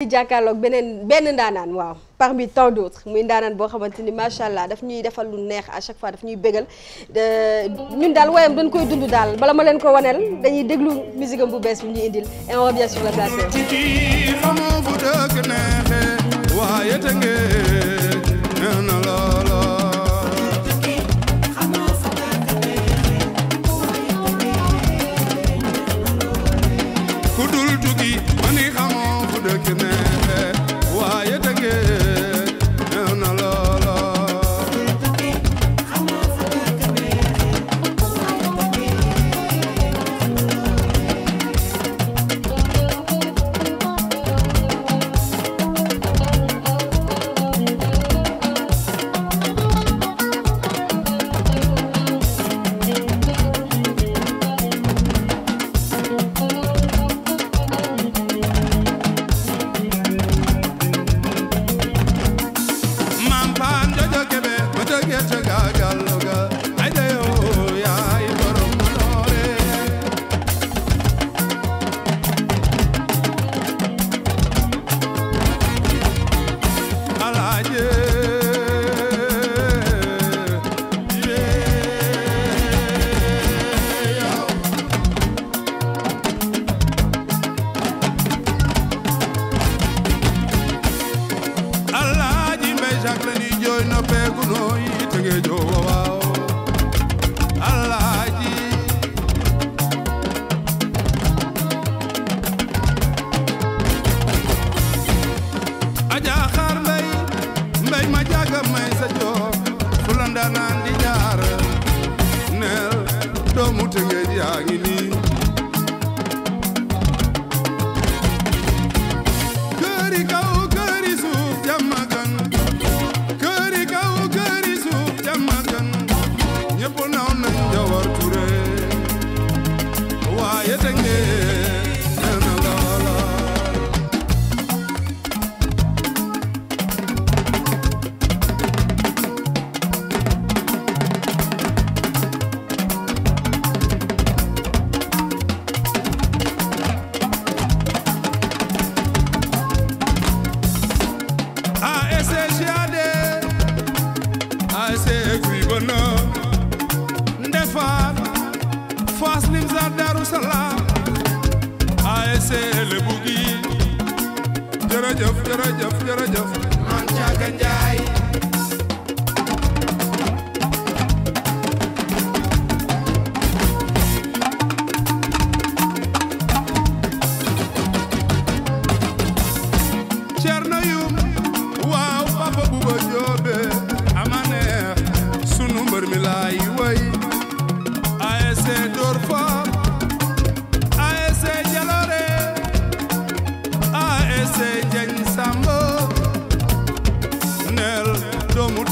di jàkkaarloog beneen benn ndaanaan waaw parmi tant d'autres muy ndaanaan boo xamante ni macha allah daf ñuy defal lu neex à chaque fois daf ñuy bégal ñun daal wayam dañ koy dund daal bala ma leen ko waneel dañuy déglu musique am bu bees bu ñu indil et on revient sur la place.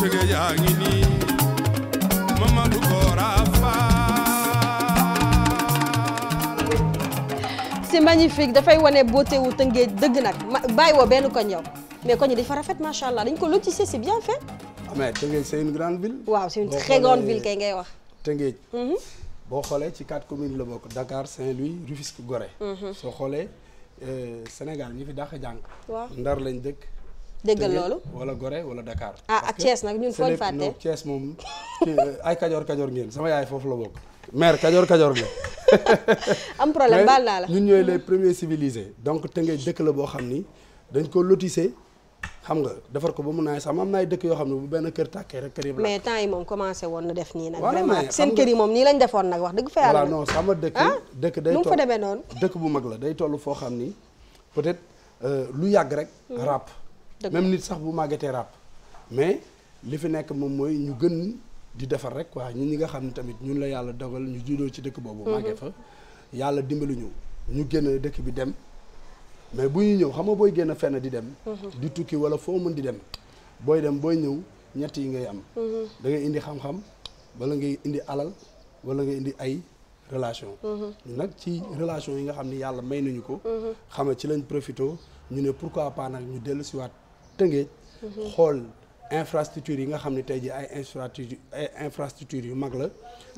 tege yaa ngi nii Mamadou Kora Fall c'est magnifique dafay wone beauté wu Tëngéej dëgg nag bàyyi woo benn koñ yow mais koñ yi dafa rafet macha allah dañ ko lotissé c'est bien fait ah, Tëngéej c'est une waaw c'est une très ngay wax Tëngéej mhm. boo xoolee ci quatre communes la bokk Dakar Saint-Louis Rufisque Gorée mhm. soo xoolee euh, Sénégal ñi fi dàq jàng ndar lañ dëkk déggal loolu wala Gorée wala dakaar ah ak Thiès nag ñun fooñu fàtte. Thiès moom ay kajoor kajoor ngeen sama yaay foofu la bokk. mais kajoor kajoor ngeen. am problème baal naa la ñun ñooy les premiers te ngay la boo xam ni dañ ko lotissé xam nga defar ko ba mu naay sax am na dëkk yoo xam ne bu benn kër tàkkee rek mais temps yi moom commencé woon na def nii nag. vraiment seen kër yi moom nii lañ defoon nag wax dëgg fa yàlla. voilà non sama dëkk. Ah? dëkk day toll dëkk bu mag la day toll foo xam ni peut-être euh, lu yàgg rek hmm. rap même nit sax bu màggatee ràpp mais li fi nekk moom mooy ñu gën di defar rek waa ñun ñi nga xam ne tamit ñun la yàlla dogal ñu juddoo ci dëkk boobu. màggee mhm. fa yàlla dimbali ñu ñu génn dëkk bi dem mais bu ñuy ñëw xam nga booy génn fenn di dem. Mhm. di tukki wala foo mën di dem booy dem booy ñëw ñett yi ngay am. Mhm. da ngay indi xam-xam wala ngay indi alal wala nga indi ay. relation nag ci relation yi nga xam ni yàlla may nañu ko xama ci lañ profité ñu ne pour pas nag ñu dellu Tëngéej mhm. xool infrastructure yi nga xam ne tey jii ay infrastructure ay infrastructure yu mag la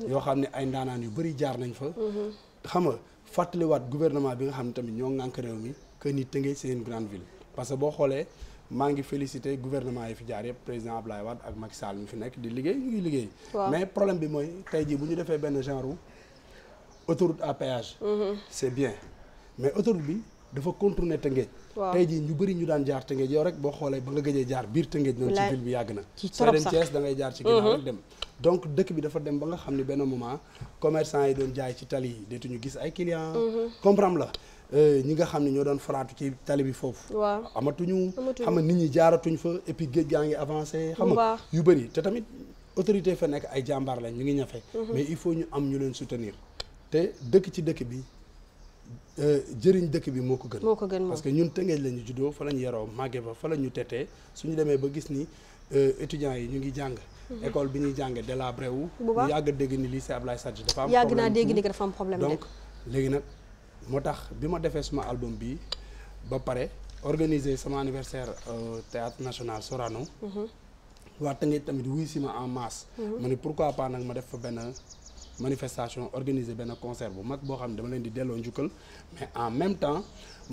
yoo xam ne ay ndaanaan yu bëri jaar nañ fa mhm. xam nga fàttaliwaat gouvernement bi nga xam ni tamit ñoo ŋànk réew mi que ni Tëngéej seen une grande ville que boo xoolee maa ngi félicité gouvernement yi fi jaar yëpp président Abdoulaye waat ak Macky Sall mi fi nekk di liggéey ñu ngi liggéey mais problème bi mooy tey jii bu ñu defee benn genre autoroute à péage mhm. c'est bien mais autori bi dafa contourné Tëngéej tey jii ñu bëri ñu daan jaar Tëngéej yow rek boo xoolee ba nga gëjee jaar biir Tëngéej noonu ci ville bi yàgg na soo dem Thiès da ngay jaar ci ginnaaw mhm. rek dem donc dëkk bi dafa dem ba nga xam ne benn moment commerçant yi doon jaay ci tali yi deetuñu gis ay clients mhm. comprendre la euh, ñi nga xam ne ñoo doon faraatu ci tali bi foofu waaw amatuñu xam nga nit ñi jaaratuñ fa et géej gaa ngi avancé xam nga yu bëri te tamit autorité fa nekk ay jàmbaar lañ ñu ngi ñafe mhm. mais il faut ñu am ñu leen soutenir te dëkk ci dëkk bi Euh, jëriñ dëkk bi moo ko gën. ko gën parce que ñun Tëngéej la ñu juddoo fa la ñu yaroo màggee fa fa la ñu suñu demee ba gis ni euh, étudiants yi ñu ngi jàng. Mhm. école bi ñuy jàng délabré wu. bu baax ñu yàgg dégg ni lycée Ablaye Sadji dafa yàgg naa dégg ni dafa am problème donc léegi nag moo tax bi ma defee suma album bi ba pare organiser sama anniversaire euh, théâtre national Sorano. Mhm. waa Tëngéej tamit wuy si ma en masse. Mhm. ma ne pourquoi pas nag ma def fa benn. manifestation organiser benn concert bu mag boo xam ne dama leen di delloo njukkal mais en même temps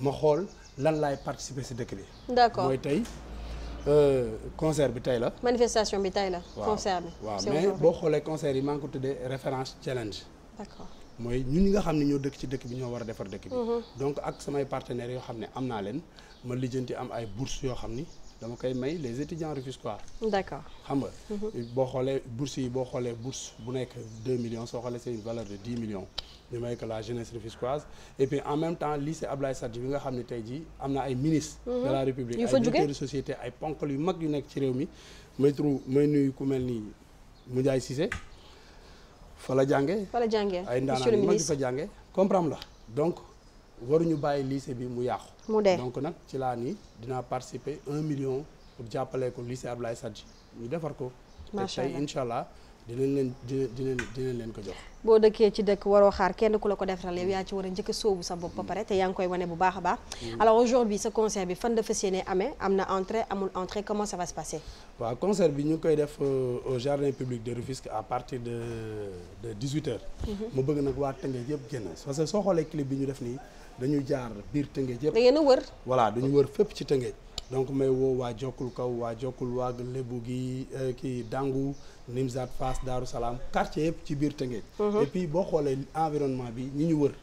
ma xool lan laay participer si dëkk bi. d'accord mooy tey euh, concert bi tey la. manifestation bi tey la. concert bi waaw mais boo xoolee concert yi maa ngi ko tuddee référence challenge. d'accord mooy ñun ñi nga xam ne ñoo dëkk ci dëkk bi ñoo war a defar dëkk bi. Mhm. donc ak samay partenaires yoo xam ne am naa leen ma lijjanti am ay bourses yoo xam ni. dama koy may les étudiants rufisquois. d'accord xam nga. Mhm. boo xoolee bourse yi boo xoolee bourse bu nekk 2 millions soo xoolee c'est une valeur de 10 millions ñu may ko la jeunesse rufisquoise et puis en même temps lycée Abdoulaye Sadji bi nga xam ne tey jii am na ay ministres. Mhm. de la république ay directeurs de société ay ponkal yu mag yu nekk ci réew mi. may turu may nuyu ku mel ni Moundiaye Cissé fa la jàngee. fa jànge ay ndaanaan yu mag yu fa jàngee comprendre la donc. waruñu bàyyi lycée bi mu yàqu. mu donc nag ci laa nii dinaa participer un million pour jàppale ko lycée Ablaye Sadji ñu defar ko. macha allah te tey incha allah. dinañ leen dinañ dinañ leen ko jox. boo dëkkee ci dëkk waroo xaar kenn ku la ko defaral yow yaa ci war a njëkk a sóobu sa bopp ba pare te yaa ngi koy wane bu baax a baax. Mm. alors aujourd'hui sa concert bi fan dafa séenee amee am na entrée amul entrée comment ça va se passer. concert bi ñu koy def euh, au jardin public de Rufisque à partir de de 18h. Mm-hmm. mu bëgg nag waa Tëngéej yëpp génn parce que soo xoolee clip bi ñu def nii dañu jaar biir Tëngéej yëpp. da ngeen a wër. ci Tëngéej. donc may woo waa jokkul kaw waa jokkul waag lébu gi eh, kii dangu Nimzat fas Daaru Salaam quartier yëpp ci biir Tëngéej mhm. et boo xoolee environnement bi ñu ñu wër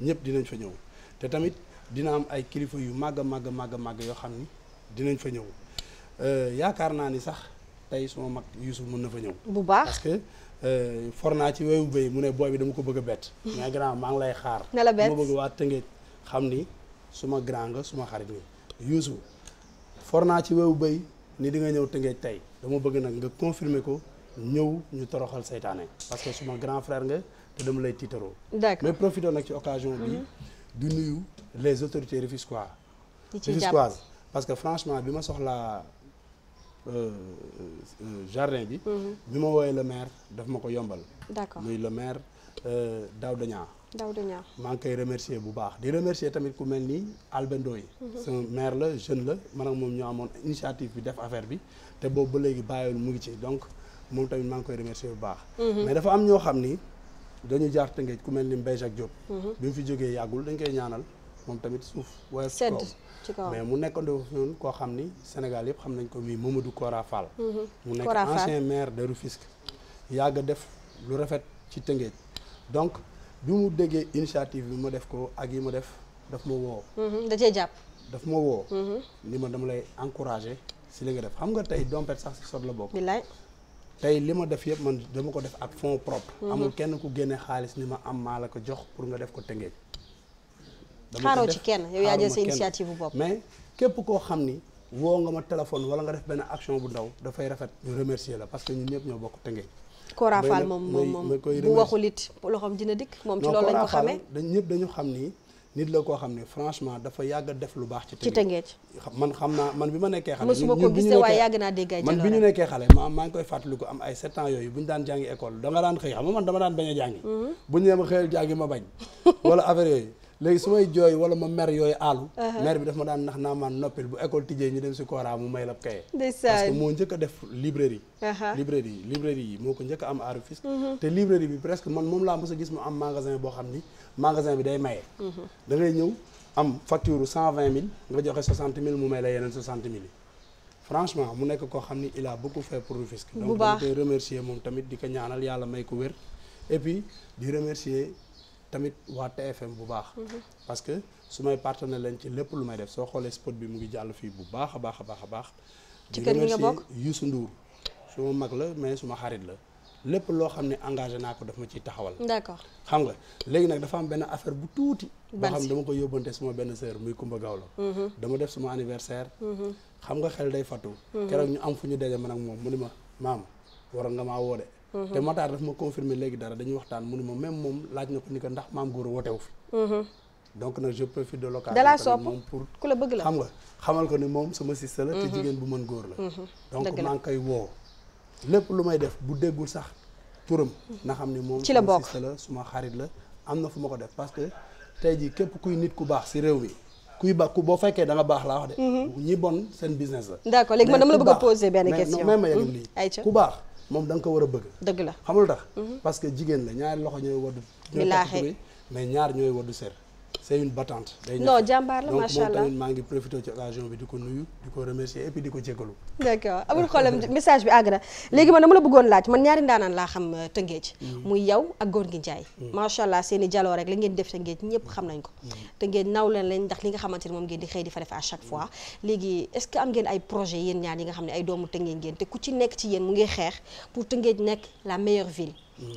ñëpp dinañ fa ñëw te tamit dina am ay kilifa yu màgg a màgg màgg a màgg yoo xam ni dinañ fa ñëw euh, yaakaar naa ni sax tey suma mag Youssouf mën na fa ñëw bu baax parce que euh, for naa ci wewu béy mu ne booy bi dama ko bëgg a bett mais grand maa ngi lay xaar ne la bett bëgg waa Tëngéej xam ni suma grand nga suma xarit nga Youssouf for naa ci wewu béy ni di nga ñëw tëngeej tey dama bëgg nag nga confirmer ko ñëw ñu toroxal seytaane parce que suma grand frère nga te dama lay tiitaroo mais profité nag ci occasion bi mhm. du nuyu les autorités rufisquois rufisquoises parce que franchement bi ma soxla euh, euh, jardin bi mhm. bi ma woowee le maire daf ma ko yombal muy Euh, Daouda Niang ñaa Niang maa ngi koy remercier bu baax di remercier tamit ku mel ni Albendo yi mhm. sama maire la jeune la man ak moom ñoo amoon initiative bi def affaire bi te boobu ba léegi bàyyiwul mu ngi ci donc moom tamit maa ngi koy remercier bu baax mhm. mais dafa am ñoo xam ni dañu jaar Tëngéej ku mel ni Mbaye Jacques Diop mhm. bi mu fi jógee yàggul dañ koy ñaanal moom tamit suuf woyof sedd ci kaw mais mu nekkandoo ñun koo xam ni Sénégal yëpp xam nañ ko muy Mamadou Kora Fall mu nekk ancien maire de Rufisque yàgg def lu rafet ci Tëngéej donc bi mu déggee initiative bi ma def ko ak yi ma def daf ma woo. Mhm, da jàpp. dafa ma woo. li mhm. ma dama lay encourager si li nga def xam nga tey dompet sax si sot la bokk. billaay tey li ma def yëpp man dama ko def ak fonds propre. Mhm. amul kenn ku génne xaalis ni ma am maa la ko jox pour nga def ko tëngéej. xaaroo ci kenn yow yaa jël sa initiative bu bopp mais képp koo xam ni. woo nga ma téléphone wala nga def benn action bu ndaw dafay rafet ñu remercier la parce que ñun ñëpp ñoo bokk tëngéej. Kora Fall moom moom bu waxul it loxoom dina dikk moom ci loolu lañ ko xamee dañu xam ni nit la koo xam ne franchement dafa yàgg def lu baax ci Tëngéej man xam naa man bi ma nekkee xale mosuma ko gisee waaye yàgg naa dégg ay man bi ma maa ngi koy fàttaliku am ay sept yooyu bu daan jàngi école dama daan xëy xam nga man dama daan bañ a jàngi mhm. bu ñu ma xëyal jàngi ma bañ wala affaire yooyu léegi su may jooy wala ma mer yooyu àllu uh-huh. mer bi daf ma daan nax naa maan noppil bu école tijjee ñu dem si Kora mu may la kaye parce que moo njëkk a def librairie uh-huh. librairie librairie yi moo ko njëkk a am à Rufisque uh-huh. te librairie bi presque man moom laa mës a gis mu am magasin boo xam ni magasin bi day maye da ngay ñëw am facture cent vingt mille nga joxe soixante mille mu may la yeneen soixante mille yi franchement mu nekk koo xam ni il a beaucoup fait pour Rufisque donc dañ koy remercier moom tamit di ko ñaanal yàlla may ko wér et puis di remercier tamit waa TFM bu baax. Mhm. parce que su may partenaire lañ ci lépp lu may def soo xoolee spot bi mu ngi jàll fii bu baax a baax a baax baax. ci kër gi nga bokk di Youssou Ndour suma mag la mais suma xarit la lépp loo xam ne engagé naa ko daf ma ci taxawal. d'accord xam nga léegi nag dafa am benn affaire bu tuuti. boo xam dama ko yóbbante suma benn sœur muy Kumba Gawlo mhm. dama def suma anniversaire. Mhm. xam nga xel day fattu. keroog ñu am fu ñu daje man ak moom mu ni ma maam waroon nga maa woo Mm-hmm. te Matar daf ma confirmer léegi dara dañuy waxtaan mu ne ma même moom laaj na ko ni ko ndax maam góor a wotewu fi mm-hmm. donc nag je profite de l'occasion dala sopp moom pour ku la bëgg la xam nga xamal ko ni moom sama sista la te mm-hmm. jigéen bu mën góor la donc maa ngi koy woo lépp lu may def bu déggul sax turam na xam ne moom ci la bokk sista la suma xarit la am na fu ma ko def parce que tey jii képp kuy nit ku baax si réew mi kuy ba ku boo fekkee da nga baax laa wax de ñi bon seen business la d'accord léegi a poser benn baax moom da nga ko war a bëgg. dëgg la xamul tax. Mhm. parce que jigéen la ñaari loxo ñooy waddu. billaahi mais ñaar ñooy waddu ser c'est une battante. day non la macha allah maa ngi profité ci occasion bi di ko nuyu di ko remercier et puis di ko jégalu. message bi àgg na léegi man dama la bëggoon laaj man ñaari ndaanaan xam euh, Tëngéej. Mm. muy yow ak góor gi mm. macha allah seen jaloo rek la ngeen def Tëngéej ñëpp xam nañ ko. Mm. Tëngéej naw leen lañ ndax nga xamante ne moom ngeen di xëy di fa def fois léegi est-ce projet yéen ñaar yi nga xam ne ay doomu Tëngéej ku ci nekk ci yéen mu ngi xeex pour Tëngéej nekk la meilleure ville.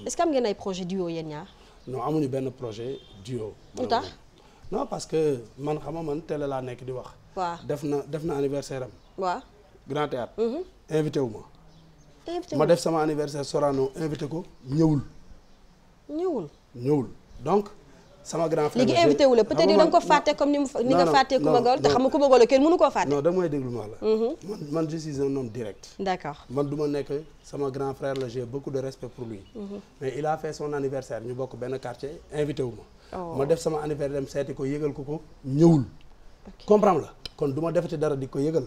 est-ce que am ngeen ay projet duo yéen ñaar. non amuñu benn projet duo. lu tax non parce que man xam nga man télé laa nekk di wax. waaw def na def na anniversaire am. waaw grand théâtre. Mhm. invité wu ma. ma def sama anniversaire Sorano invité ko ñëwul. ñëwul ñëwul donc. sama grand frère léegi invité wu la peut-être yow ko fàtte comme ni mu ni nga fàttee Coumba Gawlo te xam nga Coumba Gawlo kenn mënu koo fàtte non damay déglu ma la mhm. man man je suis direct d'accord man du ma nekk sama grand frère la j'ai beaucoup de respect pour lui mhm. mais il a fait son anniversaire ñu bokk benn quartier invité wu ma oh. ma def sama anniversaire dem seeti ko yëgal ko ko ñëwul comprendre la kon du ma defati dara di ko yëgal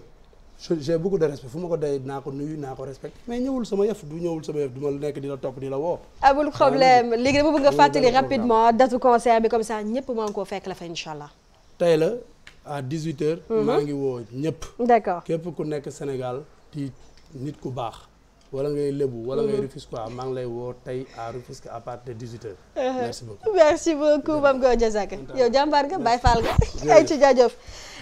j'ai beaucoup de ma ko day naa ko nuyu naa ko respecté mais ñëwul sama yëf du ñëwul sama yëf du ma nekk di la topp di la woo amul problème léegi dama bëgg nga fàttali rapidement datu concert bi comme ça ñëpp maa ngi koo fekk la fa incha allah tey la à 18 heures mhm. maa ngi woo ñëpp d'accord képp ku nekk Sénégal di nit ku baax wala ngay lébu wala ngay mhm. Rufisque quoi maa ngi lay woo tey à Rufisque à partir de 18 heures uh-huh. merci beaucoup merci beaucoup Mame nga Baye Fall nga ay ci